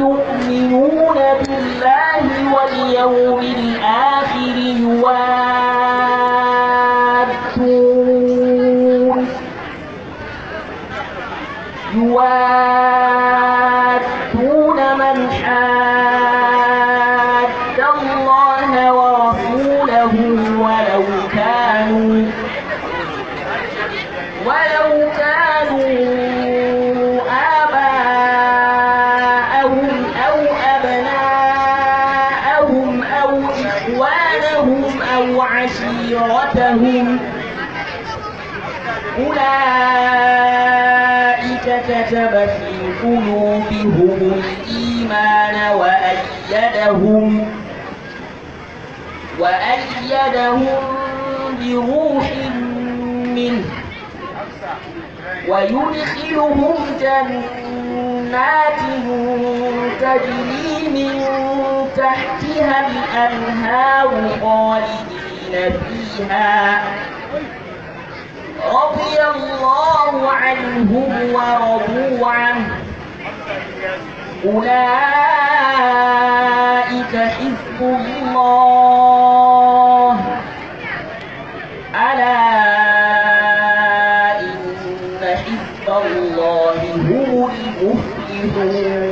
يؤمنون بالله واليوم الآخر يوادون يوادون من حاد الله ورسوله ولو كانوا ولو إخوانهم أو عشيرتهم أولئك كتب في قلوبهم الإيمان وأيدهم وأيدهم بروح منه ويدخلهم جنات تجري من تحتها الأنهار خالدين فيها رضي الله عنهم ورضوا عنه أولئك حزب الله ألا إن حزب الله هم المفلحون